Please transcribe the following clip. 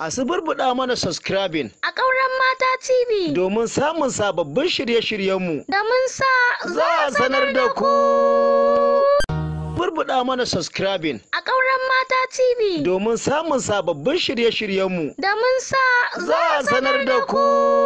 a burbuɗa mana subscribing a ƙauran mata tv domin samun sababbin shirye-shiryenmu da mun sa za a sanar da ku burbuɗa mana subscribing a ƙauran mata tv domin samun sababbin shirye-shiryenmu da mun sa za a sanar da ku